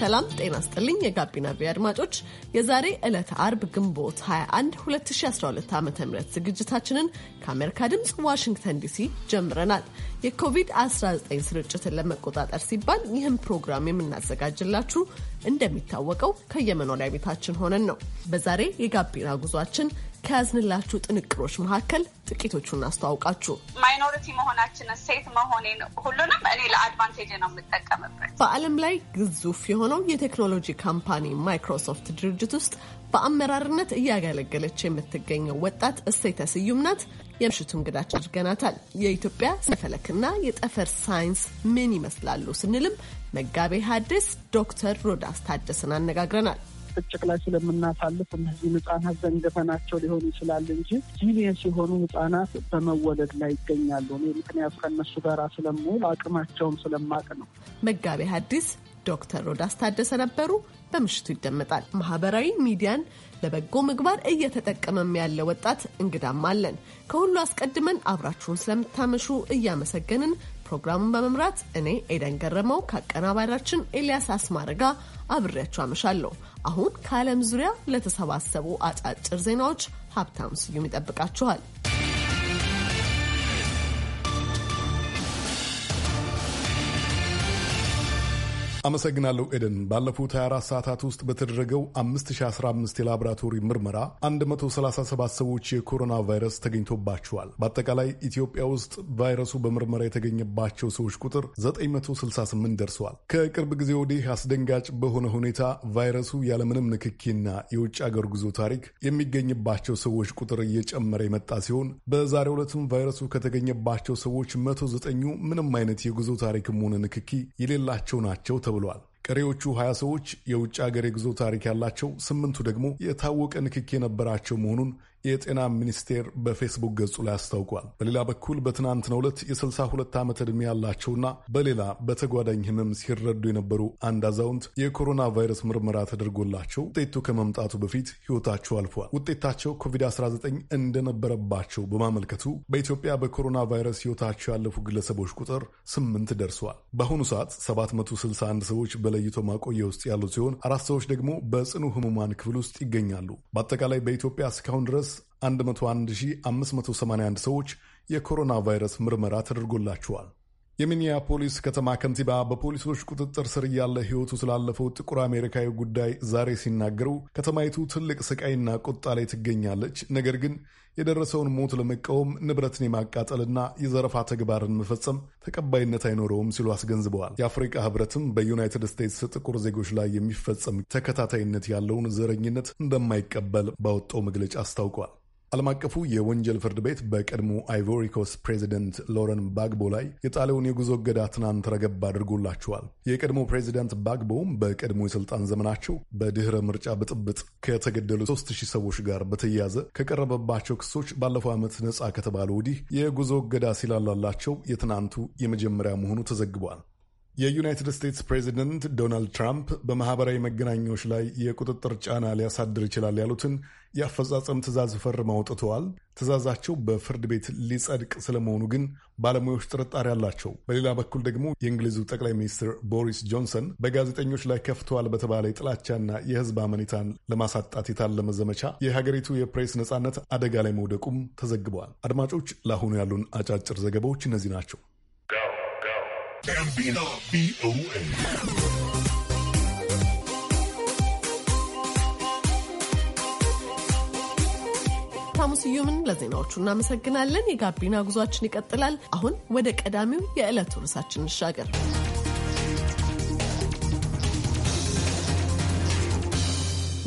ሰላም ጤና ስጥልኝ የጋቢና ቪ አድማጮች የዛሬ ዕለት አርብ ግንቦት 21 2012 ዓ ም ዝግጅታችንን ከአሜሪካ ድምፅ ዋሽንግተን ዲሲ ጀምረናል። የኮቪድ-19 ስርጭትን ለመቆጣጠር ሲባል ይህም ፕሮግራም የምናዘጋጅላችሁ እንደሚታወቀው ከየመኖሪያ ቤታችን ሆነን ነው። በዛሬ የጋቢና ጉዟችን ከያዝንላችሁ ጥንቅሮች መካከል ጥቂቶቹን እናስተዋውቃችሁ። ማይኖሪቲ መሆናችንን፣ ሴት መሆኔን ሁሉንም እኔ ለአድቫንቴጅ ነው የምጠቀምበት። በዓለም ላይ ግዙፍ የሆነው የቴክኖሎጂ ካምፓኒ ማይክሮሶፍት ድርጅት ውስጥ በአመራርነት እያገለገለች የምትገኘው ወጣት እሴተ ስዩም ናት። የምሽቱ እንግዳችን አድርገናታል። የኢትዮጵያ ስነፈለክና የጠፈር ሳይንስ ምን ይመስላሉ ስንልም መጋቤ ሐዲስ ዶክተር ሮዳስ ታደሰን አነጋግረናል። ጭቅጭቅ ላይ ስለምናሳልፍ እነዚህ ህጻናት ዘንግተናቸው ሊሆን ይችላል እንጂ ጂኒየስ የሆኑ ህጻናት በመወለድ ላይ ይገኛሉ። እኔ ምክንያቱ ከነሱ ጋር ስለምውል አቅማቸውም ስለማቅ ነው። መጋቤ ሐዲስ ዶክተር ሮዳስ ታደሰ ነበሩ። በምሽቱ ይደመጣል። ማህበራዊ ሚዲያን ለበጎ ምግባር እየተጠቀመም ያለ ወጣት እንግዳም አለን። ከሁሉ አስቀድመን አብራችሁን ስለምታመሹ እያመሰገንን ፕሮግራሙን በመምራት እኔ ኤደን ገረመው ከአቀናባሪያችን ኤልያስ አስማረጋ አብሬያችሁ አመሻለሁ። አሁን ከዓለም ዙሪያ ለተሰባሰቡ አጫጭር ዜናዎች ሀብታም ስዩም ይጠብቃችኋል። አመሰግናለሁ ኤደን። ባለፉት 24 ሰዓታት ውስጥ በተደረገው 5015 የላቦራቶሪ ምርመራ 137 ሰዎች የኮሮና ቫይረስ ተገኝቶባቸዋል። በአጠቃላይ ኢትዮጵያ ውስጥ ቫይረሱ በምርመራ የተገኘባቸው ሰዎች ቁጥር 968 ደርሰዋል። ከቅርብ ጊዜ ወዲህ አስደንጋጭ በሆነ ሁኔታ ቫይረሱ ያለምንም ንክኪና የውጭ አገር ጉዞ ታሪክ የሚገኝባቸው ሰዎች ቁጥር እየጨመረ የመጣ ሲሆን በዛሬው ዕለትም ቫይረሱ ከተገኘባቸው ሰዎች 109ኙ ምንም አይነት የጉዞ ታሪክም ሆነ ንክኪ የሌላቸው ናቸው ተብሏል። ተብሏል። ቀሪዎቹ 20 ሰዎች የውጭ አገር የጉዞ ታሪክ ያላቸው፣ ስምንቱ ደግሞ የታወቀ ንክኪ የነበራቸው መሆኑን የጤና ሚኒስቴር በፌስቡክ ገጹ ላይ አስታውቋል። በሌላ በኩል በትናንትናው ዕለት የ62 ዓመት ዕድሜ ያላቸውና በሌላ በተጓዳኝ ህመም ሲረዱ የነበሩ አንድ አዛውንት የኮሮና ቫይረስ ምርመራ ተደርጎላቸው ውጤቱ ከመምጣቱ በፊት ህይወታቸው አልፏል። ውጤታቸው ኮቪድ-19 እንደነበረባቸው በማመልከቱ በኢትዮጵያ በኮሮና ቫይረስ ህይወታቸው ያለፉ ግለሰቦች ቁጥር ስምንት ደርሰዋል። በአሁኑ ሰዓት 761 ሰዎች በለይቶ ማቆየ ውስጥ ያሉ ሲሆን አራት ሰዎች ደግሞ በጽኑ ህሙማን ክፍል ውስጥ ይገኛሉ። በአጠቃላይ በኢትዮጵያ እስካሁን ድረስ 101581 ሰዎች የኮሮና ቫይረስ ምርመራ ተደርጎላቸዋል። የሚኒያፖሊስ ከተማ ከንቲባ በፖሊሶች ቁጥጥር ስር እያለ ሕይወቱ ስላለፈው ጥቁር አሜሪካዊ ጉዳይ ዛሬ ሲናገሩ ከተማይቱ ትልቅ ስቃይና ቁጣ ላይ ትገኛለች፣ ነገር ግን የደረሰውን ሞት ለመቃወም ንብረትን የማቃጠልና የዘረፋ ተግባርን መፈጸም ተቀባይነት አይኖረውም ሲሉ አስገንዝበዋል። የአፍሪቃ ህብረትም በዩናይትድ ስቴትስ ጥቁር ዜጎች ላይ የሚፈጸም ተከታታይነት ያለውን ዘረኝነት እንደማይቀበል ባወጣው መግለጫ አስታውቋል። ዓለም አቀፉ የወንጀል ፍርድ ቤት በቀድሞ አይቮሪኮስ ፕሬዚደንት ሎረን ባግቦ ላይ የጣለውን የጉዞ እገዳ ትናንት ረገብ አድርጎላቸዋል። የቀድሞ ፕሬዚደንት ባግቦም በቀድሞ የስልጣን ዘመናቸው በድኅረ ምርጫ ብጥብጥ ከተገደሉ ሦስት ሰዎች ጋር በተያያዘ ከቀረበባቸው ክሶች ባለፈው ዓመት ነፃ ከተባለ ወዲህ የጉዞ እገዳ ሲላላላቸው የትናንቱ የመጀመሪያ መሆኑ ተዘግቧል። የዩናይትድ ስቴትስ ፕሬዚደንት ዶናልድ ትራምፕ በማህበራዊ መገናኛዎች ላይ የቁጥጥር ጫና ሊያሳድር ይችላል ያሉትን የአፈጻጸም ትዕዛዝ ፈርመው አውጥተዋል። ትእዛዛቸው በፍርድ ቤት ሊጸድቅ ስለመሆኑ ግን ባለሙያዎች ጥርጣሬ አላቸው። በሌላ በኩል ደግሞ የእንግሊዙ ጠቅላይ ሚኒስትር ቦሪስ ጆንሰን በጋዜጠኞች ላይ ከፍተዋል በተባለ የጥላቻና የሕዝብ አመኔታን ለማሳጣት የታለመ ዘመቻ የሀገሪቱ የፕሬስ ነጻነት አደጋ ላይ መውደቁም ተዘግበዋል። አድማጮች፣ ለአሁኑ ያሉን አጫጭር ዘገባዎች እነዚህ ናቸው። ጋቢና ቪኦኤ ሀብታሙ ስዩምን ለዜናዎቹ እናመሰግናለን። የጋቢና ጉዟችን ይቀጥላል። አሁን ወደ ቀዳሚው የዕለቱ ርዕሳችን እንሻገር።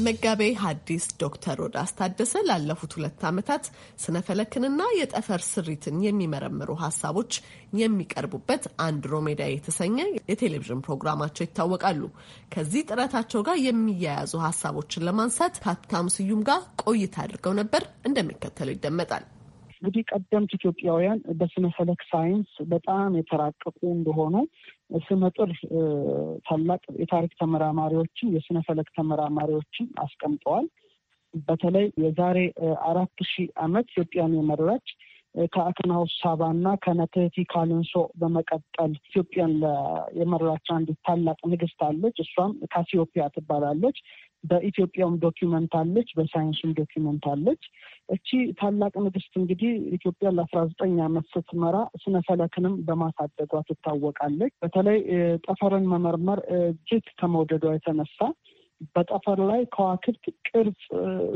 መጋቤ ሐዲስ ዶክተር ሮዳስ ታደሰ ላለፉት ሁለት ዓመታት ስነፈለክንና የጠፈር ስሪትን የሚመረምሩ ሀሳቦች የሚቀርቡበት አንድሮሜዳ የተሰኘ የቴሌቪዥን ፕሮግራማቸው ይታወቃሉ። ከዚህ ጥረታቸው ጋር የሚያያዙ ሀሳቦችን ለማንሳት ከሀብታሙ ስዩም ጋር ቆይታ አድርገው ነበር። እንደሚከተለው ይደመጣል። እንግዲህ ቀደምት ኢትዮጵያውያን በስነ ፈለክ ሳይንስ በጣም የተራቀቁ እንደሆኑ ስመጥር ታላቅ የታሪክ ተመራማሪዎችን የስነ ፈለክ ተመራማሪዎችን አስቀምጠዋል። በተለይ የዛሬ አራት ሺህ ዓመት ኢትዮጵያን የመራች ከአክናውስ ሳባ እና ከነትህቲ ካልንሶ በመቀጠል ኢትዮጵያን የመራች አንዲት ታላቅ ንግስት አለች። እሷም ካሲዮፒያ ትባላለች። በኢትዮጵያም ዶኪመንት አለች፣ በሳይንሱም ዶኪመንት አለች። እቺ ታላቅ ንግስት እንግዲህ ኢትዮጵያ ለአስራ ዘጠኝ ዓመት ስትመራ ስነ ፈለክንም በማሳደጓ ትታወቃለች። በተለይ ጠፈርን መመርመር እጅግ ከመውደዷ የተነሳ በጠፈር ላይ ከዋክብት ቅርጽ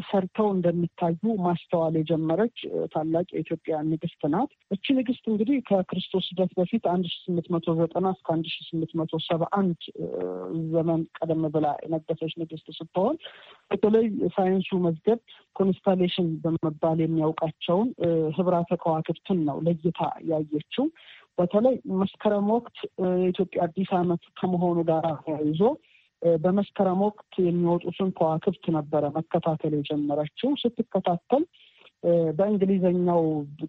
ሰርተው እንደሚታዩ ማስተዋል የጀመረች ታላቅ የኢትዮጵያ ንግስት ናት። እቺ ንግስት እንግዲህ ከክርስቶስ ልደት በፊት አንድ ሺ ስምንት መቶ ዘጠና እስከ አንድ ሺ ስምንት መቶ ሰባ አንድ ዘመን ቀደም ብላ የነገሰች ንግስት ስትሆን በተለይ ሳይንሱ መዝገብ ኮንስታሌሽን በመባል የሚያውቃቸውን ህብራተ ከዋክብትን ነው ለይታ ያየችው። በተለይ መስከረም ወቅት የኢትዮጵያ አዲስ ዓመት ከመሆኑ ጋር ተያይዞ በመስከረም ወቅት የሚወጡትን ከዋክብት ነበረ መከታተል የጀመረችው። ስትከታተል በእንግሊዘኛው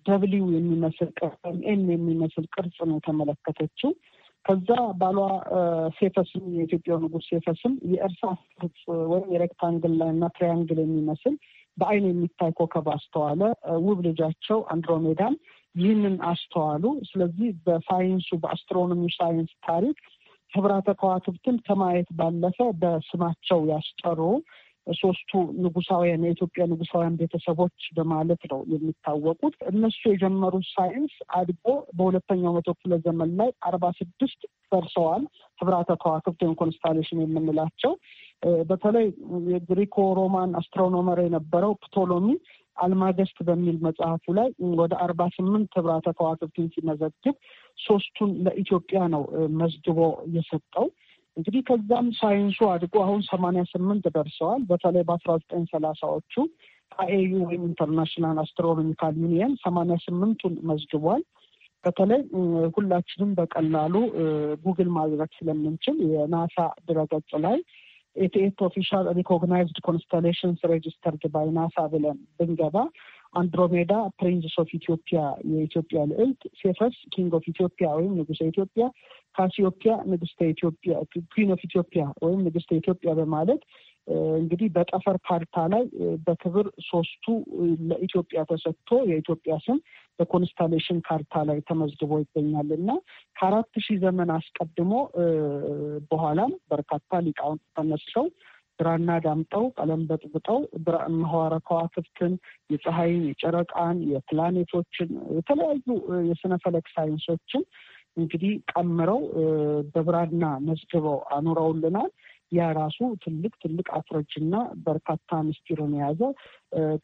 ደብሊው የሚመስል ቅርጽ ኤም የሚመስል ቅርጽ ነው የተመለከተችው። ከዛ ባሏ ሴፈስም የኢትዮጵያ ንጉስ ሴፈስም የእርሳስ ቅርጽ ወይም የሬክታንግል እና ትሪያንግል የሚመስል በአይን የሚታይ ኮከብ አስተዋለ። ውብ ልጃቸው አንድሮሜዳን ይህንን አስተዋሉ። ስለዚህ በሳይንሱ በአስትሮኖሚ ሳይንስ ታሪክ ህብረተ ከዋክብትን ከማየት ባለፈ በስማቸው ያስጠሩ ሶስቱ ንጉሳውያን የኢትዮጵያ ንጉሳውያን ቤተሰቦች በማለት ነው የሚታወቁት። እነሱ የጀመሩት ሳይንስ አድጎ በሁለተኛው መቶ ክፍለ ዘመን ላይ አርባ ስድስት ደርሰዋል። ህብራተ ከዋክብት ወይም ኮንስታሌሽን የምንላቸው በተለይ የግሪኮ ሮማን አስትሮኖመር የነበረው ፕቶሎሚ አልማገስት በሚል መጽሐፉ ላይ ወደ አርባ ስምንት ህብራተ ከዋክብትን ሲመዘግብ ሶስቱን ለኢትዮጵያ ነው መዝግቦ የሰጠው። እንግዲህ ከዛም ሳይንሱ አድጎ አሁን ሰማንያ ስምንት ደርሰዋል። በተለይ በአስራ ዘጠኝ ሰላሳዎቹ አኤዩ ወይም ኢንተርናሽናል አስትሮኖሚካል ዩኒየን ሰማንያ ስምንቱን መዝግቧል። በተለይ ሁላችንም በቀላሉ ጉግል ማድረግ ስለምንችል የናሳ ድረገጽ ላይ ኤቲኤት ኦፊሻል ሪኮግናይዝድ ኮንስተሌሽንስ ሬጅስተርድ ባይ ናሳ ብለን ብንገባ አንድሮሜዳ ፕሪንስ ኦፍ ኢትዮጵያ የኢትዮጵያ ልዕልት፣ ሴፈስ ኪንግ ኦፍ ኢትዮጵያ ወይም ንጉሰ ኢትዮጵያ፣ ካሲዮፒያ ንግስተ ኢትዮጵያ ኩዊን ኦፍ ኢትዮጵያ ወይም ንግስተ ኢትዮጵያ በማለት እንግዲህ በጠፈር ካርታ ላይ በክብር ሶስቱ ለኢትዮጵያ ተሰጥቶ የኢትዮጵያ ስም በኮንስታሌሽን ካርታ ላይ ተመዝግቦ ይገኛል እና ከአራት ሺህ ዘመን አስቀድሞ በኋላም በርካታ ሊቃውንት ተነስሰው ብራና ዳምጠው ቀለም በጥብጠው ምህዋረ ከዋክብትን፣ የፀሐይን፣ የጨረቃን፣ የፕላኔቶችን የተለያዩ የስነ ፈለክ ሳይንሶችን እንግዲህ ቀምረው በብራና መዝግበው አኑረውልናል። ያ ራሱ ትልቅ ትልቅ አፍረጅና በርካታ ምስጢርን የያዘ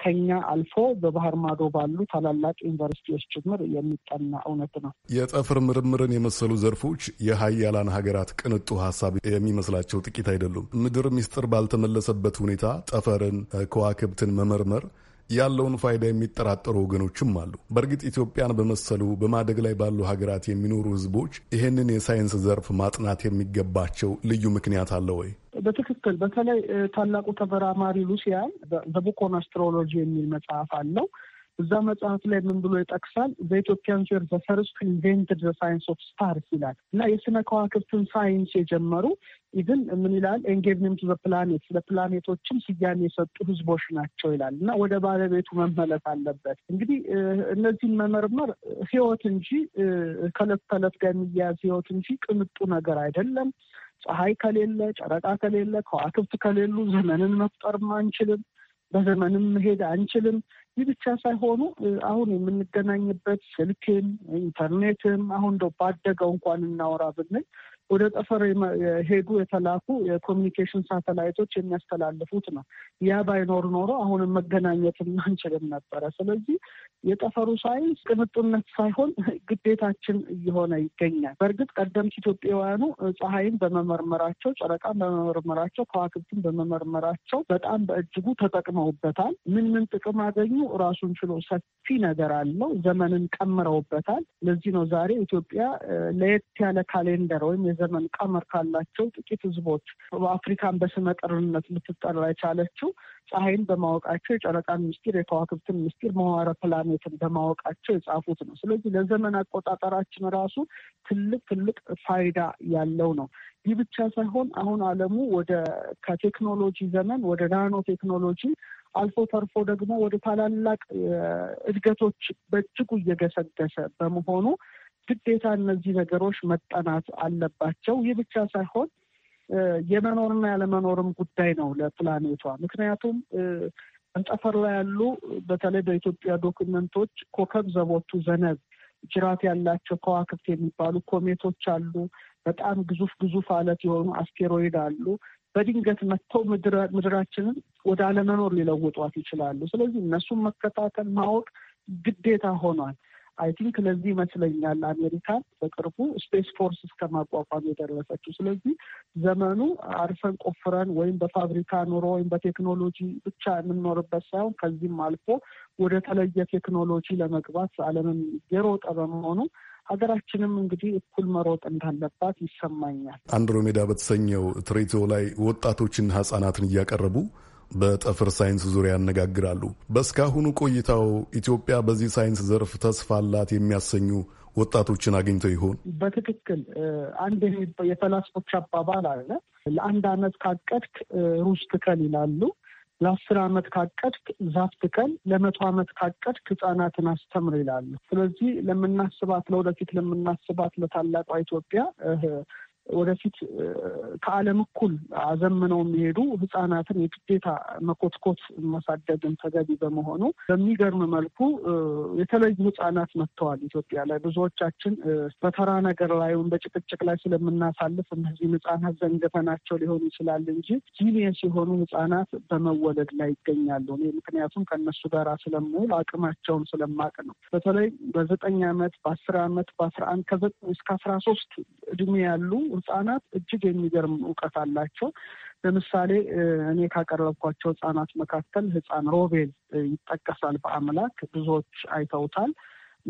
ከኛ አልፎ በባህር ማዶ ባሉ ታላላቅ ዩኒቨርሲቲዎች ጭምር የሚጠና እውነት ነው። የጠፍር ምርምርን የመሰሉ ዘርፎች የሀያላን ሀገራት ቅንጡ ሀሳብ የሚመስላቸው ጥቂት አይደሉም። ምድር ምስጢር ባልተመለሰበት ሁኔታ ጠፈርን፣ ከዋክብትን መመርመር ያለውን ፋይዳ የሚጠራጠሩ ወገኖችም አሉ። በእርግጥ ኢትዮጵያን በመሰሉ በማደግ ላይ ባሉ ሀገራት የሚኖሩ ህዝቦች ይህንን የሳይንስ ዘርፍ ማጥናት የሚገባቸው ልዩ ምክንያት አለ ወይ? በትክክል በተለይ ታላቁ ተመራማሪ ሉሲያን ዘ አስትሮሎጂ የሚል መጽሐፍ አለው። እዛ መጽሐፍ ላይ ምን ብሎ ይጠቅሳል? በኢትዮጵያን ር ዘፈርስቱ ኢንቨንትድ ሳይንስ ኦፍ ስታርስ ይላል እና የስነ ከዋክብትን ሳይንስ የጀመሩ ኢቭን ምን ይላል ኤንጌቭኒምቱ በፕላኔት ለፕላኔቶችም ስያሜ የሰጡ ህዝቦች ናቸው ይላል እና ወደ ባለቤቱ መመለስ አለበት። እንግዲህ እነዚህን መመርመር ህይወት እንጂ ከእለት ተዕለት ጋር የሚያያዝ ህይወት እንጂ ቅንጡ ነገር አይደለም። ፀሐይ ከሌለ፣ ጨረቃ ከሌለ፣ ከዋክብት ከሌሉ ዘመንን መፍጠርም አንችልም። በዘመንም መሄድ አንችልም። ይህ ብቻ ሳይሆኑ አሁን የምንገናኝበት ስልክም ኢንተርኔትም አሁን እንደው ባደገው እንኳን እናወራ ብንል ወደ ጠፈር ሄዱ የተላኩ የኮሚኒኬሽን ሳተላይቶች የሚያስተላልፉት ነው። ያ ባይኖር ኖሮ አሁንም መገናኘትን አንችልም ነበረ። ስለዚህ የጠፈሩ ሳይንስ ቅንጡነት ሳይሆን ግዴታችን እየሆነ ይገኛል። በእርግጥ ቀደምት ኢትዮጵያውያኑ ፀሐይን በመመርመራቸው፣ ጨረቃን በመመርመራቸው፣ ከዋክብትን በመመርመራቸው በጣም በእጅጉ ተጠቅመውበታል። ምን ምን ጥቅም አገኙ? ራሱን ችሎ ሰፊ ነገር አለው። ዘመንን ቀምረውበታል። ለዚህ ነው ዛሬ ኢትዮጵያ ለየት ያለ ካሌንደር ወይም ዘመን ቀመር ካላቸው ጥቂት ህዝቦች በአፍሪካን በስመጥርነት ልትጠራ የቻለችው ፀሐይን በማወቃቸው የጨረቃን ምስጢር፣ የከዋክብትን ምስጢር፣ መዋረ ፕላኔትን በማወቃቸው የጻፉት ነው። ስለዚህ ለዘመን አቆጣጠራችን ራሱ ትልቅ ትልቅ ፋይዳ ያለው ነው። ይህ ብቻ ሳይሆን አሁን ዓለሙ ወደ ከቴክኖሎጂ ዘመን ወደ ናኖ ቴክኖሎጂ አልፎ ተርፎ ደግሞ ወደ ታላላቅ እድገቶች በእጅጉ እየገሰገሰ በመሆኑ ግዴታ እነዚህ ነገሮች መጠናት አለባቸው። ይህ ብቻ ሳይሆን የመኖርና ያለመኖርም ጉዳይ ነው ለፕላኔቷ። ምክንያቱም እንጠፈር ላይ ያሉ በተለይ በኢትዮጵያ ዶክመንቶች ኮከብ ዘቦቱ ዘነብ ጅራት ያላቸው ከዋክብት የሚባሉ ኮሜቶች አሉ። በጣም ግዙፍ ግዙፍ አለት የሆኑ አስቴሮይድ አሉ። በድንገት መጥተው ምድራችንን ወደ አለመኖር ሊለውጧት ይችላሉ። ስለዚህ እነሱን መከታተል ማወቅ ግዴታ ሆኗል። አይ ቲንክ ለዚህ ይመስለኛል አሜሪካን በቅርቡ ስፔስ ፎርስ እስከ ማቋቋም የደረሰችው። ስለዚህ ዘመኑ አርፈን ቆፍረን ወይም በፋብሪካ ኑሮ ወይም በቴክኖሎጂ ብቻ የምንኖርበት ሳይሆን ከዚህም አልፎ ወደ ተለየ ቴክኖሎጂ ለመግባት ዓለምን የሮጠ በመሆኑ ሀገራችንም እንግዲህ እኩል መሮጥ እንዳለባት ይሰማኛል። አንድሮሜዳ በተሰኘው ትሬቶ ላይ ወጣቶችና ህጻናትን እያቀረቡ በጠፈር ሳይንስ ዙሪያ ያነጋግራሉ። በእስካሁኑ ቆይታው ኢትዮጵያ በዚህ ሳይንስ ዘርፍ ተስፋ አላት የሚያሰኙ ወጣቶችን አግኝተው ይሆን? በትክክል አንድ የፈላስፎች አባባል አለ። ለአንድ ዓመት ካቀድክ ሩዝ ትከል ይላሉ። ለአስር ዓመት ካቀድክ ዛፍ ትከል፣ ለመቶ ዓመት ካቀድክ ህጻናትን አስተምር ይላሉ። ስለዚህ ለምናስባት ለወደፊት ለምናስባት ለታላቋ ኢትዮጵያ ወደፊት ከዓለም እኩል አዘምነው የሚሄዱ ህጻናትን የግዴታ መኮትኮት ማሳደግን ተገቢ በመሆኑ በሚገርም መልኩ የተለዩ ህጻናት መጥተዋል ኢትዮጵያ ላይ። ብዙዎቻችን በተራ ነገር ላይ ወይም በጭቅጭቅ ላይ ስለምናሳልፍ እነዚህም ህጻናት ዘንግተናቸው ሊሆን ይችላል እንጂ ጂኒየስ የሆኑ ህጻናት በመወለድ ላይ ይገኛሉ። እኔ ምክንያቱም ከእነሱ ጋር ስለምውል አቅማቸውን ስለማቅ ነው። በተለይ በዘጠኝ ዓመት በአስር ዓመት በአስራ አንድ ከዘጠኝ እስከ አስራ ሶስት እድሜ ያሉ ህጻናት እጅግ የሚገርም እውቀት አላቸው። ለምሳሌ እኔ ካቀረብኳቸው ህጻናት መካከል ህጻን ሮቤል ይጠቀሳል። በአምላክ ብዙዎች አይተውታል።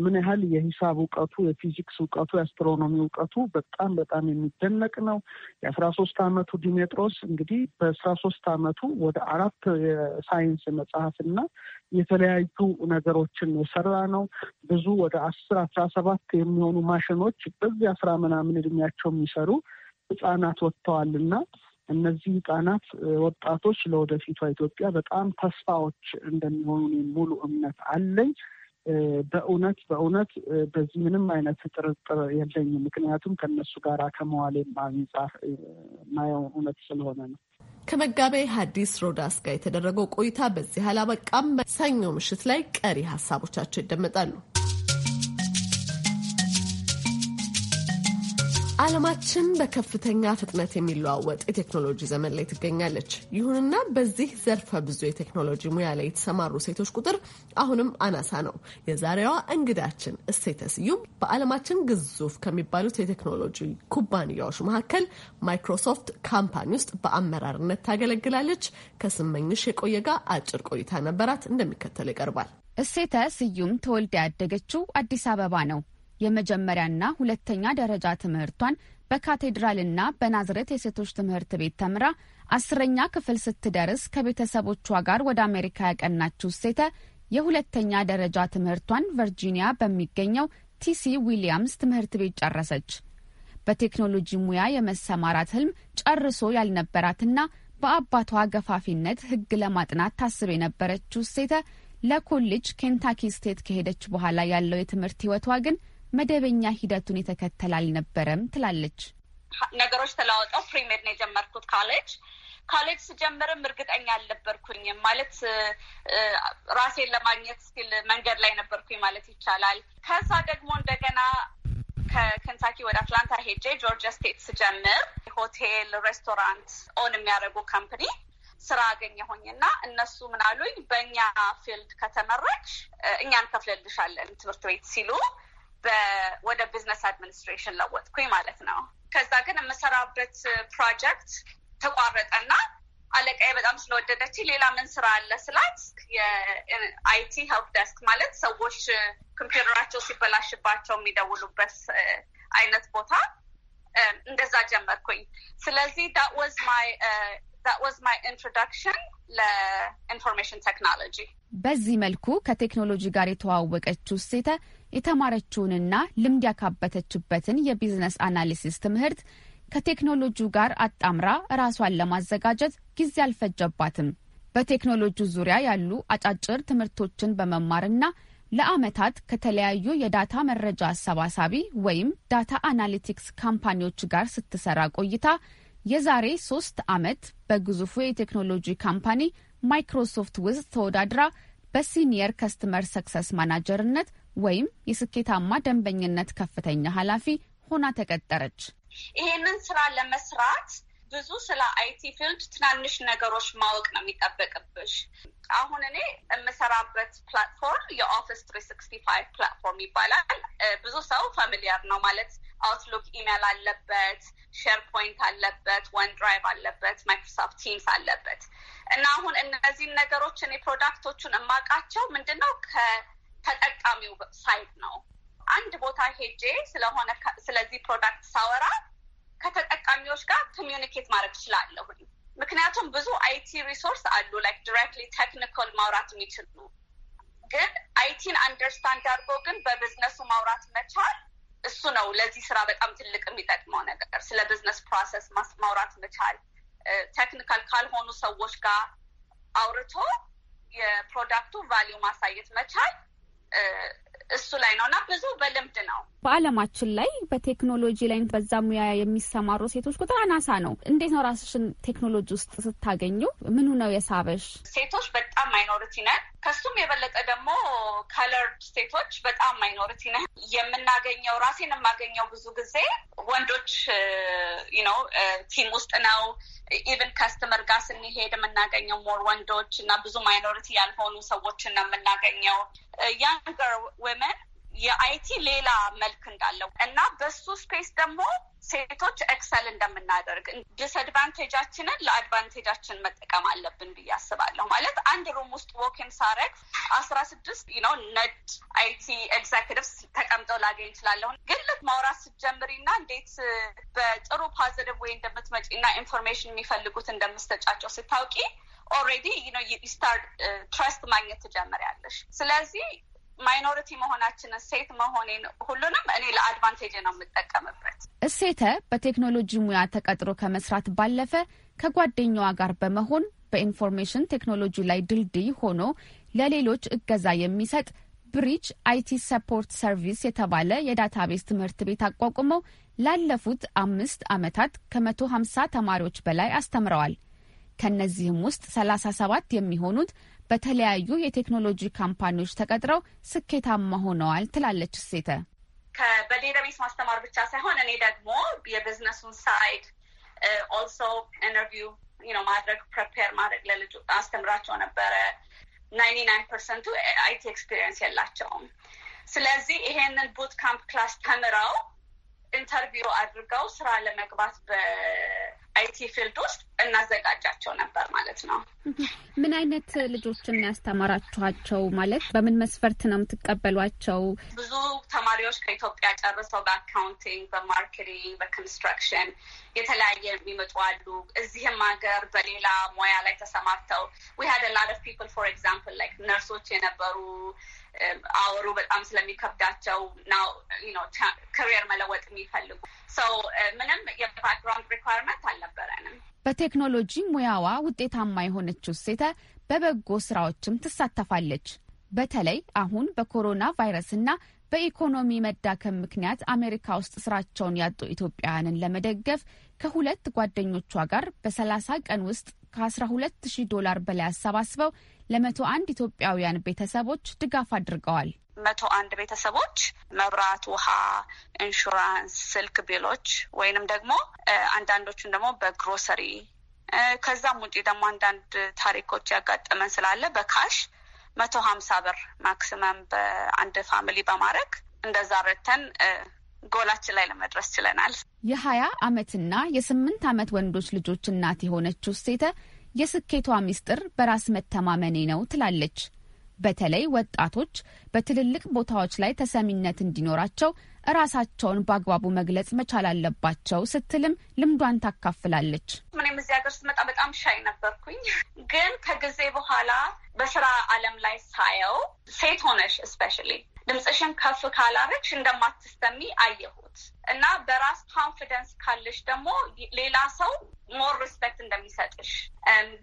ምን ያህል የሂሳብ እውቀቱ፣ የፊዚክስ እውቀቱ፣ የአስትሮኖሚ እውቀቱ በጣም በጣም የሚደነቅ ነው። የአስራ ሶስት አመቱ ዲሜጥሮስ እንግዲህ በአስራ ሶስት አመቱ ወደ አራት የሳይንስ መጽሐፍና የተለያዩ ነገሮችን የሰራ ነው። ብዙ ወደ አስር አስራ ሰባት የሚሆኑ ማሽኖች በዚህ አስራ ምናምን እድሜያቸው የሚሰሩ ህጻናት ወጥተዋልና እነዚህ ህጻናት ወጣቶች ለወደፊቷ ኢትዮጵያ በጣም ተስፋዎች እንደሚሆኑ ሙሉ እምነት አለኝ። በእውነት በእውነት በዚህ ምንም አይነት ጥርጥር የለኝም። ምክንያቱም ከነሱ ጋር ከመዋሌ አንጻር ማየው እውነት ስለሆነ ነው። ከመጋቤ ሐዲስ ሮዳስ ጋር የተደረገው ቆይታ በዚህ አላበቃም። ሰኞ ምሽት ላይ ቀሪ ሀሳቦቻቸው ይደመጣሉ። ዓለማችን በከፍተኛ ፍጥነት የሚለዋወጥ የቴክኖሎጂ ዘመን ላይ ትገኛለች። ይሁንና በዚህ ዘርፈ ብዙ የቴክኖሎጂ ሙያ ላይ የተሰማሩ ሴቶች ቁጥር አሁንም አናሳ ነው። የዛሬዋ እንግዳችን እሴተ ስዩም በዓለማችን ግዙፍ ከሚባሉት የቴክኖሎጂ ኩባንያዎች መካከል ማይክሮሶፍት ካምፓኒ ውስጥ በአመራርነት ታገለግላለች። ከስመኝሽ የቆየ ጋር አጭር ቆይታ ነበራት፣ እንደሚከተል ይቀርባል። እሴተ ስዩም ተወልዳ ያደገችው አዲስ አበባ ነው። የመጀመሪያና ሁለተኛ ደረጃ ትምህርቷን በካቴድራልና በናዝሬት የሴቶች ትምህርት ቤት ተምራ አስረኛ ክፍል ስትደርስ ከቤተሰቦቿ ጋር ወደ አሜሪካ ያቀናችው ሴተ የሁለተኛ ደረጃ ትምህርቷን ቨርጂኒያ በሚገኘው ቲሲ ዊሊያምስ ትምህርት ቤት ጨረሰች። በቴክኖሎጂ ሙያ የመሰማራት ህልም ጨርሶ ያልነበራትና በአባቷ ገፋፊነት ህግ ለማጥናት ታስብ የነበረችው ሴተ ለኮሌጅ ኬንታኪ ስቴት ከሄደች በኋላ ያለው የትምህርት ህይወቷ ግን መደበኛ ሂደቱን የተከተል አልነበረም ትላለች። ነገሮች ተለዋውጠው ፕሪሜድ ነው የጀመርኩት ካሌጅ ካሌጅ ስጀምርም እርግጠኛ አልነበርኩኝም። ማለት ራሴን ለማግኘት ስል መንገድ ላይ ነበርኩኝ ማለት ይቻላል። ከዛ ደግሞ እንደገና ከኬንታኪ ወደ አትላንታ ሄጄ ጆርጂያ ስቴት ስጀምር ሆቴል፣ ሬስቶራንት ኦን የሚያደርጉ ካምፕኒ ስራ አገኘሁኝ እና እነሱ ምን አሉኝ፣ በእኛ ፊልድ ከተመረች እኛ እንከፍለልሻለን ትምህርት ቤት ሲሉ ወደ ቢዝነስ አድሚኒስትሬሽን ለወጥኩኝ ማለት ነው። ከዛ ግን የምሰራበት ፕሮጀክት ተቋረጠና አለቃዬ በጣም ስለወደደች ሌላ ምን ስራ አለ ስላት የአይቲ ሄልፕ ደስክ ማለት ሰዎች ኮምፒውተራቸው ሲበላሽባቸው የሚደውሉበት አይነት ቦታ እንደዛ ጀመርኩኝ። ስለዚህ ዛት ዋዝ ማይ ኢንትሮዳክሽን ለኢንፎርሜሽን ቴክኖሎጂ። በዚህ መልኩ ከቴክኖሎጂ ጋር የተዋወቀችው ሴተ የተማረችውንና ልምድ ያካበተችበትን የቢዝነስ አናሊሲስ ትምህርት ከቴክኖሎጂው ጋር አጣምራ ራሷን ለማዘጋጀት ጊዜ አልፈጀባትም። በቴክኖሎጂ ዙሪያ ያሉ አጫጭር ትምህርቶችን በመማርና ለአመታት ከተለያዩ የዳታ መረጃ አሰባሳቢ ወይም ዳታ አናሊቲክስ ካምፓኒዎች ጋር ስትሰራ ቆይታ የዛሬ ሶስት አመት በግዙፉ የቴክኖሎጂ ካምፓኒ ማይክሮሶፍት ውስጥ ተወዳድራ በሲኒየር ከስተመር ሰክሰስ ማናጀርነት ወይም የስኬታማ ደንበኝነት ከፍተኛ ኃላፊ ሆና ተቀጠረች። ይሄንን ስራ ለመስራት ብዙ ስለ አይቲ ፊልድ ትናንሽ ነገሮች ማወቅ ነው የሚጠበቅብሽ። አሁን እኔ የምሰራበት ፕላትፎርም የኦፊስ ትሪ ስክስቲ ፋይቭ ፕላትፎርም ይባላል። ብዙ ሰው ፋሚሊያር ነው ማለት አውትሎክ ኢሜል አለበት፣ ሼር ፖይንት አለበት፣ ወን ድራይቭ አለበት፣ ማይክሮሶፍት ቲምስ አለበት እና አሁን እነዚህን ነገሮች እኔ ፕሮዳክቶቹን እማውቃቸው ምንድን ነው ተጠቃሚው ሳይድ ነው። አንድ ቦታ ሄጄ ስለሆነ ስለዚህ ፕሮዳክት ሳወራ ከተጠቃሚዎች ጋር ኮሚዩኒኬት ማድረግ እችላለሁ። ምክንያቱም ብዙ አይቲ ሪሶርስ አሉ፣ ላይክ ዲሬክትሊ ቴክኒካል ማውራት የሚችሉ ግን አይቲን አንደርስታንድ አድርጎ ግን በቢዝነሱ ማውራት መቻል እሱ ነው ለዚህ ስራ በጣም ትልቅ የሚጠቅመው ነገር። ስለ ብዝነስ ፕሮሰስ ማውራት መቻል ቴክኒካል ካልሆኑ ሰዎች ጋር አውርቶ የፕሮዳክቱ ቫሊዩ ማሳየት መቻል እሱ ላይ ነው እና ብዙ በልምድ ነው በዓለማችን ላይ በቴክኖሎጂ ላይ በዛ ሙያ የሚሰማሩ ሴቶች ቁጥር አናሳ ነው። እንዴት ነው ራስሽን ቴክኖሎጂ ውስጥ ስታገኙ ምኑ ነው የሳበሽ? ሴቶች በጣም ማይኖሪቲ ነን። ከሱም የበለጠ ደግሞ ከለርድ ሴቶች በጣም ማይኖሪቲ ነን። የምናገኘው ራሴን የማገኘው ብዙ ጊዜ ወንዶች ነው ቲም ውስጥ ነው ኢቨን ከስተመር ጋር ስንሄድ የምናገኘው ሞር ወንዶች እና ብዙ ማይኖሪቲ ያልሆኑ ሰዎችን ነው የምናገኘው ያንገር ወመን የአይቲ ሌላ መልክ እንዳለው እና በሱ ስፔስ ደግሞ ሴቶች ኤክሰል እንደምናደርግ ዲስአድቫንቴጃችንን ለአድቫንቴጃችን መጠቀም አለብን ብዬ አስባለሁ። ማለት አንድ ሩም ውስጥ ወኪን ሳረግ አስራ ስድስት ነው ነጭ አይቲ ኤግዛኪቲቭስ ተቀምጠው ላገኝ እንችላለሁ። ግን ልክ ማውራት ስትጀምሪ እና እንዴት በጥሩ ፓዘቲቭ ወይ እንደምትመጪ እና ኢንፎርሜሽን የሚፈልጉት እንደምስተጫቸው ስታውቂ ኦልሬዲ ስታርት ትረስት ማግኘት ትጀምሪያለሽ። ስለዚህ ማይኖሪቲ መሆናችንን ሴት መሆኔን ሁሉንም እኔ ለአድቫንቴጅ ነው የምጠቀምበት። እሴተ በቴክኖሎጂ ሙያ ተቀጥሮ ከመስራት ባለፈ ከጓደኛዋ ጋር በመሆን በኢንፎርሜሽን ቴክኖሎጂ ላይ ድልድይ ሆኖ ለሌሎች እገዛ የሚሰጥ ብሪጅ አይቲ ሰፖርት ሰርቪስ የተባለ የዳታቤዝ ትምህርት ቤት አቋቁመው ላለፉት አምስት ዓመታት ከመቶ ሀምሳ ተማሪዎች በላይ አስተምረዋል። ከእነዚህም ውስጥ 37 የሚሆኑት በተለያዩ የቴክኖሎጂ ካምፓኒዎች ተቀጥረው ስኬታማ ሆነዋል ትላለች ሴተ። በዴረቤት ማስተማር ብቻ ሳይሆን እኔ ደግሞ የቢዝነሱን ሳይድ ኦልሶ uh, ኢንተርቪው ማድረግ ፕሬፔር ማድረግ ለልጁ አስተምራቸው ነበረ። ናይንቲ ናይን ፐርሰንቱ አይቲ ኤክስፒሪየንስ የላቸውም። ስለዚህ ይሄንን ቡት ካምፕ ክላስ ተምረው ኢንተርቪው አድርገው ስራ ለመግባት በአይቲ ፊልድ ውስጥ እናዘጋጃቸው ነበር ማለት ነው። ምን አይነት ልጆችን ያስተማራችኋቸው? ማለት በምን መስፈርት ነው የምትቀበሏቸው? ብዙ ተማሪዎች ከኢትዮጵያ ጨርሰው በአካውንቲንግ፣ በማርኬቲንግ፣ በኮንስትራክሽን የተለያየ የሚመጡ አሉ። እዚህም ሀገር በሌላ ሙያ ላይ ተሰማርተው ዊ ሀድ አ ኦፍ ፒፕል ፎር ኤግዛምፕል ላይክ ነርሶች የነበሩ Um, አወሩ በጣም ስለሚከብዳቸው ናው ክሪየር መለወጥ የሚፈልጉ ሰው uh, ምንም የባክግራውንድ ሪኳርመንት አልነበረንም። በቴክኖሎጂ ሙያዋ ውጤታማ የሆነችው ሴተ በበጎ ስራዎችም ትሳተፋለች። በተለይ አሁን በኮሮና ቫይረስና በኢኮኖሚ መዳከም ምክንያት አሜሪካ ውስጥ ስራቸውን ያጡ ኢትዮጵያውያንን ለመደገፍ ከሁለት ጓደኞቿ ጋር በሰላሳ ቀን ውስጥ ከ12 ሺህ ዶላር በላይ አሰባስበው ለመቶ አንድ ኢትዮጵያውያን ቤተሰቦች ድጋፍ አድርገዋል። መቶ አንድ ቤተሰቦች መብራት፣ ውሃ፣ ኢንሹራንስ፣ ስልክ ቢሎች ወይንም ደግሞ አንዳንዶቹን ደግሞ በግሮሰሪ ከዛም ውጪ ደግሞ አንዳንድ ታሪኮች ያጋጠመን ስላለ በካሽ መቶ ሀምሳ ብር ማክሲመም በአንድ ፋሚሊ በማድረግ እንደዛ ረድተን ጎላችን ላይ ለመድረስ ችለናል። የሀያ አመትና የስምንት አመት ወንዶች ልጆች እናት የሆነችው ሴተ የስኬቷ ምስጢር በራስ መተማመኔ ነው ትላለች። በተለይ ወጣቶች በትልልቅ ቦታዎች ላይ ተሰሚነት እንዲኖራቸው እራሳቸውን በአግባቡ መግለጽ መቻል አለባቸው ስትልም ልምዷን ታካፍላለች። ምንም እዚህ ሀገር ስመጣ በጣም ሻይ ነበርኩኝ፣ ግን ከጊዜ በኋላ በስራ አለም ላይ ሳየው ሴት ሆነሽ ስፔሻሊ ድምፅሽን ከፍ ካላረግሽ እንደማትሰሚ አየሁት እና በራስ ኮንፊደንስ ካለሽ ደግሞ ሌላ ሰው ሞር ሪስፔክት እንደሚሰጥሽ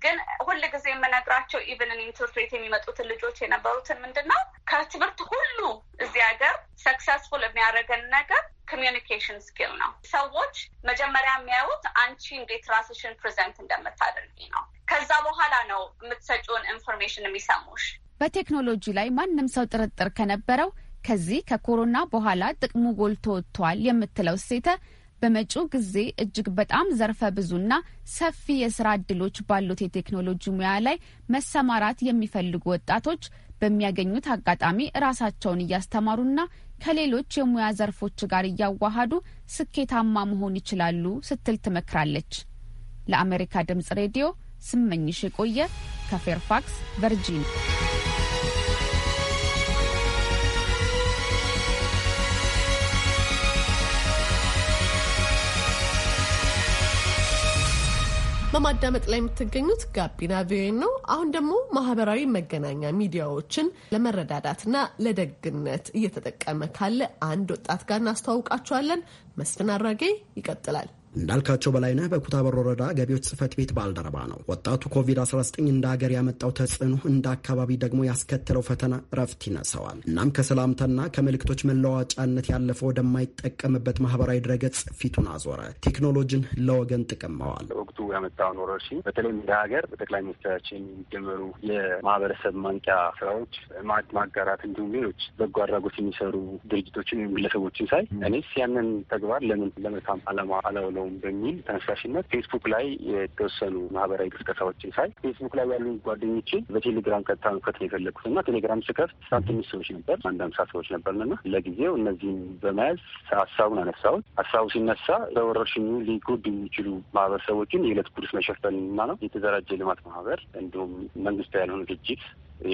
ግን ሁል ጊዜ የምነግራቸው ኢቨንን ኢንተርፕሬት የሚመጡትን ልጆች የነበሩትን ምንድን ነው ከትምህርት ሁሉ እዚህ ሀገር ሰክሰስፉል የሚያደርገን ነገር ኮሚኒኬሽን ስኪል ነው። ሰዎች መጀመሪያ የሚያዩት አንቺ እንዴት ራስሽን ፕሬዘንት እንደምታደርጊ ነው። ከዛ በኋላ ነው የምትሰጪውን ኢንፎርሜሽን የሚሰሙሽ። በቴክኖሎጂ ላይ ማንም ሰው ጥርጥር ከነበረው ከዚህ ከኮሮና በኋላ ጥቅሙ ጎልቶ ወጥቷል የምትለው ሴተ በመጪው ጊዜ እጅግ በጣም ዘርፈ ብዙና ሰፊ የስራ እድሎች ባሉት የቴክኖሎጂ ሙያ ላይ መሰማራት የሚፈልጉ ወጣቶች በሚያገኙት አጋጣሚ ራሳቸውን እያስተማሩና ከሌሎች የሙያ ዘርፎች ጋር እያዋሃዱ ስኬታማ መሆን ይችላሉ ስትል ትመክራለች። ለአሜሪካ ድምጽ ሬዲዮ ስመኝሽ የቆየ ከፌርፋክስ ቨርጂኒያ። በማዳመጥ ላይ የምትገኙት ጋቢና ቪኦኤ ነው። አሁን ደግሞ ማህበራዊ መገናኛ ሚዲያዎችን ለመረዳዳትና ለደግነት እየተጠቀመ ካለ አንድ ወጣት ጋር እናስተዋውቃችኋለን። መስፍን አድራጌ ይቀጥላል። እንዳልካቸው በላይነህ በኩታበር ወረዳ ገቢዎች ጽህፈት ቤት ባልደረባ ነው። ወጣቱ ኮቪድ-19 እንደ ሀገር ያመጣው ተጽዕኖ፣ እንደ አካባቢ ደግሞ ያስከተለው ፈተና ረፍት ይነሳዋል። እናም ከሰላምታና ከምልክቶች መለዋጫነት ያለፈ ወደማይጠቀምበት ማህበራዊ ድረገጽ ፊቱን አዞረ። ቴክኖሎጂን ለወገን ጥቅመዋል። ያመጣውን ወረርሽኝ በተለይ እንደ ሀገር በጠቅላይ ሚኒስትራችን የሚጀመሩ የማህበረሰብ ማንቂያ ስራዎች ማዕድ ማጋራት፣ እንዲሁም ሌሎች በጎ አድራጎት የሚሰሩ ድርጅቶችን ወይም ግለሰቦችን ሳይ እኔስ ያንን ተግባር ለምን ለመልካም አላማ አላውለውም በሚል ተነሳሽነት ፌስቡክ ላይ የተወሰኑ ማህበራዊ ቅስቀሳዎችን ሳይ ፌስቡክ ላይ ያሉ ጓደኞችን በቴሌግራም ቀጥታ መክፈት ነው የፈለግኩት እና ቴሌግራም ስከፍት ሳትንሽ ሰዎች ነበር አንድ አምሳ ሰዎች ነበርንና ለጊዜው እነዚህም በመያዝ ሀሳቡን አነሳሁት። ሀሳቡ ሲነሳ ለወረርሽኙ ሊጎዱ የሚችሉ ማህበረሰቦችን የዕለት ጉድፍ መሸፈን እና ነው የተደራጀ ልማት ማህበር እንዲሁም መንግስታዊ ያልሆኑ ድርጅት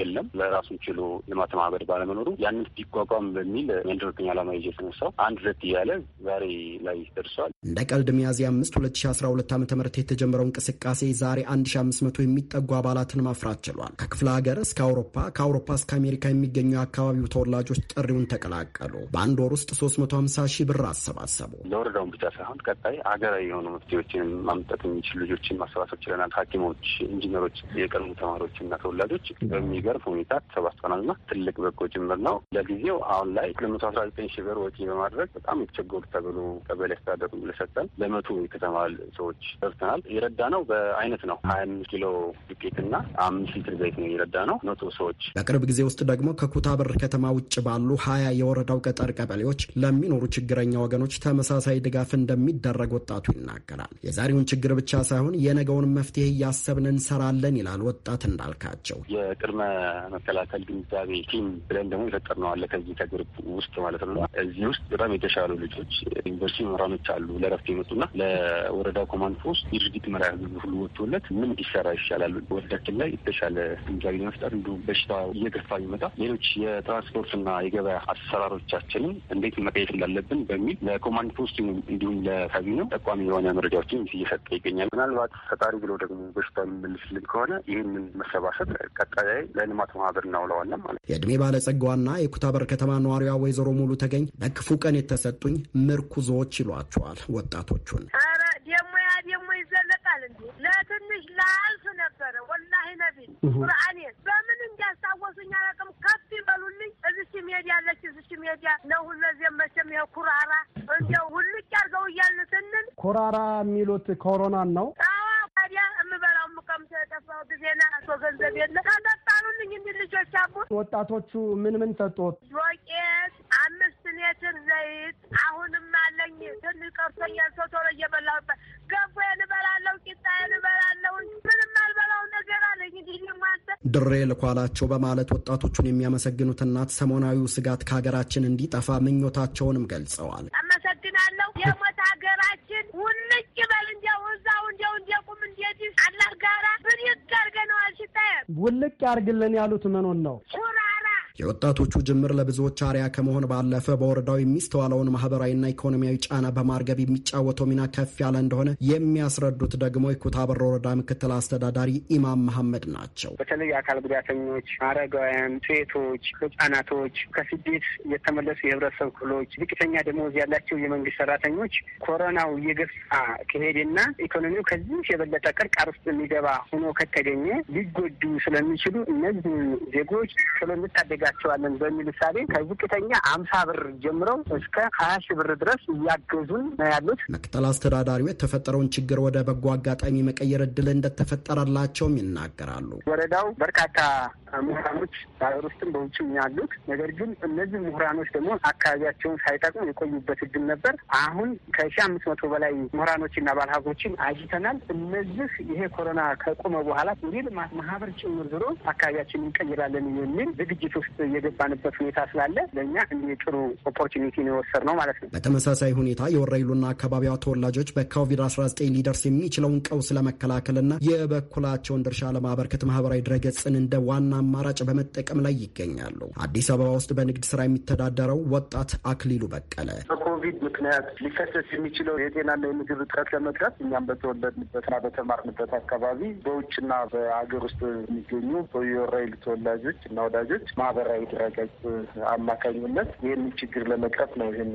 የለም። ለራሱን ችሎ ልማት ማህበር ባለመኖሩ ያንን ቢቋቋም በሚል መንደርብኝ ዓላማ ይዤ የተነሳው አንድ ሁለት እያለ ዛሬ ላይ ደርሷል። እንደ ቀልድ ሚያዝያ አምስት ሁለት ሺ አስራ ሁለት ዓመተ ምህረት የተጀመረው እንቅስቃሴ ዛሬ አንድ ሺ አምስት መቶ የሚጠጉ አባላትን ማፍራት ችሏል። ከክፍለ ሀገር እስከ አውሮፓ ከአውሮፓ እስከ አሜሪካ የሚገኙ የአካባቢው ተወላጆች ጥሪውን ተቀላቀሉ። በአንድ ወር ውስጥ ሶስት መቶ ሀምሳ ሺህ ብር አሰባሰቡ። ለወረዳውን ብቻ ሳይሆን ቀጣይ ሀገራዊ የሆኑ መፍትሄዎችን ማምጣት የሚችሉ ልጆችን ማሰባሰብ ችለናል። ሐኪሞች፣ ኢንጂነሮች፣ የቀድሞ ተማሪዎችና ተወላጆች በሚ በሚገርም ሁኔታ ተሰባስበናል እና ትልቅ በጎ ጅምር ነው። ለጊዜው አሁን ላይ ሁለት መቶ አስራ ዘጠኝ ሺህ ብር ወጪ በማድረግ በጣም የተቸገሩ ተብሎ ቀበሌ አስተዳደሩ ለሰጠን ለመቶ የከተማ ሰዎች ደርሰናል። የረዳ ነው በአይነት ነው ሀያ አምስት ኪሎ ዱቄት ዱቄትና አምስት ሊትር ዘይት ነው የረዳ ነው መቶ ሰዎች። በቅርብ ጊዜ ውስጥ ደግሞ ከኩታበር ከተማ ውጭ ባሉ ሀያ የወረዳው ገጠር ቀበሌዎች ለሚኖሩ ችግረኛ ወገኖች ተመሳሳይ ድጋፍ እንደሚደረግ ወጣቱ ይናገራል። የዛሬውን ችግር ብቻ ሳይሆን የነገውን መፍትሄ እያሰብን እንሰራለን ይላል ወጣት እንዳልካቸው የቅድመ መከላከል ግንዛቤ ቲም ብለን ደግሞ የፈጠርነው አለ ከዚህ ከግሩፕ ውስጥ ማለት ነው። እዚህ ውስጥ በጣም የተሻሉ ልጆች ዩኒቨርሲቲ መራኖች አሉ ለረፍት የመጡና ለወረዳ ኮማንድ ፖስት የድርጊት መራ ሁሉ ወጥቶለት ምን ሊሰራ ይሻላል ወረዳችን ላይ የተሻለ ግንዛቤ ለመፍጠር እንዲሁም በሽታ እየገፋ ይመጣ ሌሎች የትራንስፖርትና የገበያ አሰራሮቻችንን እንዴት መቀየት እንዳለብን በሚል ለኮማንድ ፖስት እንዲሁም ለካቢኔ ጠቋሚ የሆነ መረጃዎችን እየሰጠ ይገኛል። ምናልባት ፈጣሪ ብሎ ደግሞ በሽታ የሚመልስልን ከሆነ ይህንን መሰባሰብ ቀጣይ ለልማት ማህበር እናውለዋለን ማለት ነው። የእድሜ ባለጸጋዋና የኩታበር ከተማ ነዋሪዋ ወይዘሮ ሙሉ ተገኝ በክፉ ቀን የተሰጡኝ ምርኩዞዎች ይሏቸዋል ወጣቶቹን። ኧረ ደሞ ያ ደግሞ ይዘለቃል እንዴ! ለትንሽ ለአልፍ ነበረ ወላሂ ነቢል ቁርአኔን በምን እንዲያስታወሱኝ አላውቅም። ከፍ ይበሉልኝ። እዚች ሜዲያ ያለች እዚች ሜዲያ ነው ሁለዚህ መቼም ይኸው ኩራራ እንዲያው ሁልጭ አድርገው እያልን ስንል ኩራራ የሚሉት ኮሮናን ነው ታዲያ የምበላው የምቀምሰ የጠፋው ጊዜና አቶ ገንዘብ የለ ከጠጣሉልኝ እንዲህ ልጆች አቡ ወጣቶቹ ምን ምን ሰጡት? ዶቄት አምስት ሜትር ዘይት አሁንም አለኝ ትንሽ ቀርቶኛል። ሰው ቶሎ እየበላሁበት ገቦ እንበላለው ቂጣ እንበላለው ምንም አልበላው ነገር አለኝ። እንዲህ ድሬ ልኳላቸው በማለት ወጣቶቹን የሚያመሰግኑት እናት ሰሞናዊው ስጋት ከሀገራችን እንዲጠፋ ምኞታቸውንም ገልጸዋል። አመሰግናለሁ የሞት ሀገራችን ውንጭ አላህ ጋራ ምን ይጋርገነዋል? ሲታየ ውልቅ ያርግልን ያሉት መኖን ነው? ሱራ የወጣቶቹ ጅምር ለብዙዎች አሪያ ከመሆን ባለፈ በወረዳው የሚስተዋለውን ማህበራዊና ኢኮኖሚያዊ ጫና በማርገብ የሚጫወተው ሚና ከፍ ያለ እንደሆነ የሚያስረዱት ደግሞ የኩታበር ወረዳ ምክትል አስተዳዳሪ ኢማም መሐመድ ናቸው። በተለይ አካል ጉዳተኞች፣ አረጋውያን፣ ሴቶች፣ ህጻናቶች፣ ከስደት የተመለሱ የህብረተሰብ ክፍሎች፣ ዝቅተኛ ደሞዝ ያላቸው የመንግስት ሰራተኞች ኮሮናው የገፋ ከሄደና ኢኮኖሚው ከዚህ የበለጠ ቅርቃር ውስጥ የሚገባ ሆኖ ከተገኘ ሊጎዱ ስለሚችሉ እነዚህ ዜጎች ስለሚታደገ እናግዛቸዋለን በሚል እሳቤ ከዝቅተኛ አምሳ ብር ጀምረው እስከ ሀያ ሺ ብር ድረስ እያገዙን ነው ያሉት። ምክትል አስተዳዳሪው የተፈጠረውን ችግር ወደ በጎ አጋጣሚ መቀየር እድል እንደተፈጠረላቸውም ይናገራሉ። ወረዳው በርካታ ምሁራኖች በሀገር ውስጥም በውጭም ያሉት፣ ነገር ግን እነዚህ ምሁራኖች ደግሞ አካባቢያቸውን ሳይጠቅሙ የቆዩበት እድል ነበር። አሁን ከሺ አምስት መቶ በላይ ምሁራኖችና ባለሀብቶችን አጅተናል። እነዚህ ይሄ ኮሮና ከቆመ በኋላ የልማት ማህበር ጭምር ዝሮ አካባቢያችን እንቀይራለን የሚል ዝግጅት ውስጥ የገባንበት ሁኔታ ስላለ ለእኛ እንዲህ ጥሩ ኦፖርቹኒቲ ነው የወሰድነው ማለት ነው። በተመሳሳይ ሁኔታ የወረይሉና አካባቢዋ ተወላጆች በኮቪድ-19 ሊደርስ የሚችለውን ቀውስ ለመከላከልና የበኩላቸውን ድርሻ ለማበርከት ማህበራዊ ድረገጽን እንደ ዋና አማራጭ በመጠቀም ላይ ይገኛሉ። አዲስ አበባ ውስጥ በንግድ ስራ የሚተዳደረው ወጣት አክሊሉ በቀለ በኮቪድ ምክንያት ሊከሰት የሚችለው የጤናና የምግብ እጥረት ለመቅረፍ እኛም በተወለድንበትና በተማርንበት አካባቢ በውጭና በአገር ውስጥ የሚገኙ የወረይሉ ተወላጆች እና ወዳጆች ማህበራ በማህበራዊ ድረገጽ አማካኝነት ይህን ችግር ለመቅረፍ ነው ይህን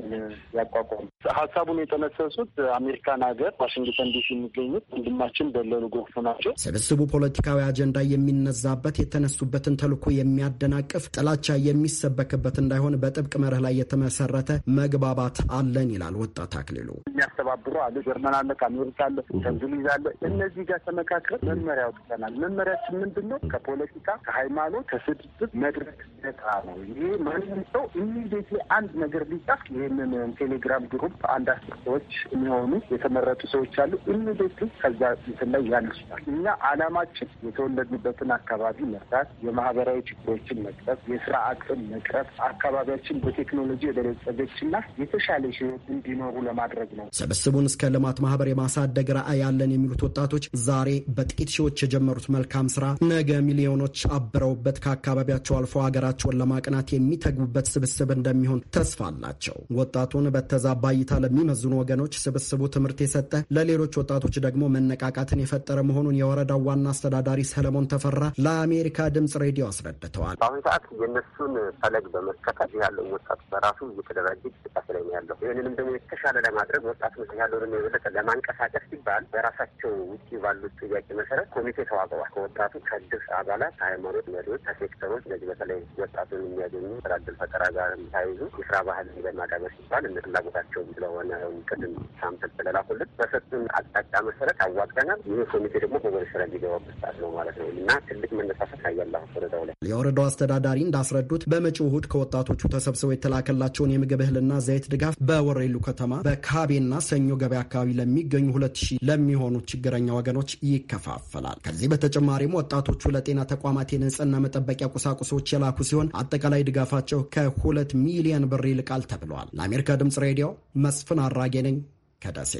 ያቋቋሙ። ሀሳቡን የጠነሰሱት አሜሪካን ሀገር ዋሽንግተን ዲሲ የሚገኙት ወንድማችን በለሉ ጎፉ ናቸው። ስብስቡ ፖለቲካዊ አጀንዳ የሚነዛበት የተነሱበትን ተልዕኮ የሚያደናቅፍ ጥላቻ የሚሰበክበት እንዳይሆን በጥብቅ መርህ ላይ የተመሰረተ መግባባት አለን ይላል ወጣት አክሊሉ። የሚያስተባብሩ አለ ጀርመን አለ ከአሜሪካ አለ ከእንግሊዝ አለ። እነዚህ ጋር ተመካክረን መመሪያ አውጥተናል። መመሪያችን ምንድን ነው? ከፖለቲካ ከሃይማኖት ከስድስት መድረክ ነጻ ነው። ይሄ ማንም ሰው ኢሚዲየትሊ አንድ ነገር ቢጻፍ ይህንን ቴሌግራም ግሩፕ አንድ አስር ሰዎች የሚሆኑ የተመረጡ ሰዎች አሉ። ኢሚዲየትሊ ከዛ እንትን ላይ ያነሱታል። እኛ አላማችን የተወለድንበትን አካባቢ መርዳት፣ የማህበራዊ ችግሮችን መቅረፍ፣ የስራ አቅም መቅረፍ፣ አካባቢያችን በቴክኖሎጂ የበለጸገችና የተሻለ ህይወት እንዲኖሩ ለማድረግ ነው። ስብስቡን እስከ ልማት ማህበር የማሳደግ ራዕይ ያለን የሚሉት ወጣቶች ዛሬ በጥቂት ሺዎች የጀመሩት መልካም ስራ ነገ ሚሊዮኖች አብረውበት ከአካባቢያቸው አልፎ ሀገራ ሀገራቸውን ለማቅናት የሚተግቡበት ስብስብ እንደሚሆን ተስፋ አላቸው። ወጣቱን በተዛባ እይታ ለሚመዝኑ ወገኖች ስብስቡ ትምህርት የሰጠ ለሌሎች ወጣቶች ደግሞ መነቃቃትን የፈጠረ መሆኑን የወረዳው ዋና አስተዳዳሪ ሰለሞን ተፈራ ለአሜሪካ ድምጽ ሬዲዮ አስረድተዋል። በአሁኑ ሰዓት የእነሱን ፈለግ በመከተል ያለው ወጣቱ በራሱ እየተደራጀ እንቅስቃሴ ላይ ነው ያለው። ይህንንም ደግሞ የተሻለ ለማድረግ ወጣት ያለውን የበለጠ ለማንቀሳቀስ ሲባል በራሳቸው ውጭ ባሉት ጥያቄ መሰረት ኮሚቴ ተዋቅሯል። ከወጣቱ ከድር አባላት፣ ሃይማኖት መሪዎች፣ ከሴክተሮች በዚህ በተለይ ወጣቱን የሚያገኙ ስራ እድል ፈጠራ ጋር ተያይዞ የስራ ባህል ለማዳበር ሲባል እንደ ፍላጎታቸውም ስለሆነ ቅድም ሳምፕል ስለላኩልን በሰጡን አቅጣጫ መሰረት አዋቅተናል። ይህ ኮሚቴ ደግሞ በወደ ስራ እንዲገባበት ሰዓት ነው ማለት ነው እና ትልቅ መነሳሳት ያያለሁ ወረዳው ላይ። የወረዳው አስተዳዳሪ እንዳስረዱት በመጪው እሁድ ከወጣቶቹ ተሰብስበው የተላከላቸውን የምግብ እህልና ዘይት ድጋፍ በወሬሉ ከተማ በካቤና ሰኞ ገበያ አካባቢ ለሚገኙ ሁለት ሺህ ለሚሆኑ ችግረኛ ወገኖች ይከፋፈላል። ከዚህ በተጨማሪም ወጣቶቹ ለጤና ተቋማት የንጽህና መጠበቂያ ቁሳቁሶች የላኩ ሲሆን አጠቃላይ ድጋፋቸው ከሁለት ሚሊዮን ብር ይልቃል ተብሏል። ለአሜሪካ ድምፅ ሬዲዮ መስፍን አራጌ ነኝ ከደሴ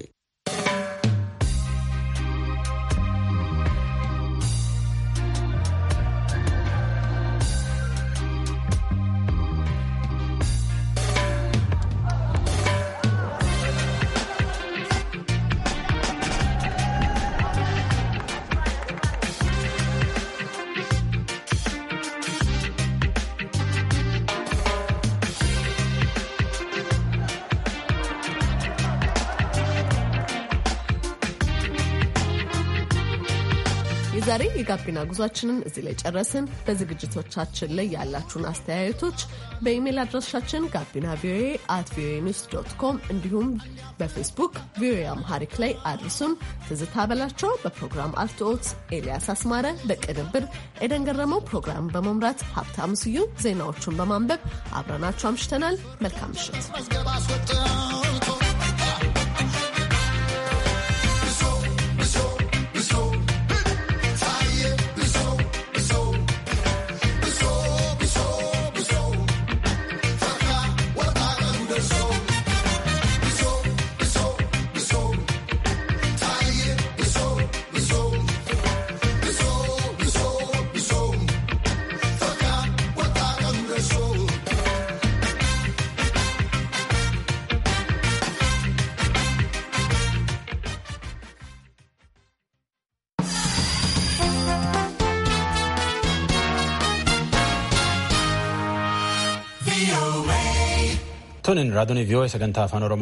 ጋቢና ጉዟችንን እዚህ ላይ ጨረስን። በዝግጅቶቻችን ላይ ያላችሁን አስተያየቶች በኢሜይል አድራሻችን ጋቢና ቪኦኤ አት ቪኦኤ ኒውስ ዶት ኮም እንዲሁም በፌስቡክ ቪኦኤ አምሃሪክ ላይ አድርሱን። ትዝታ በላቸው በፕሮግራም አርትኦት፣ ኤልያስ አስማረ በቅንብር፣ ኤደን ገረመው ፕሮግራም በመምራት ሀብታም ስዩ ዜናዎቹን በማንበብ አብረናችሁ አምሽተናል። መልካም ምሽት። Raadiyoon VOA sagantaa afaan Oromoo.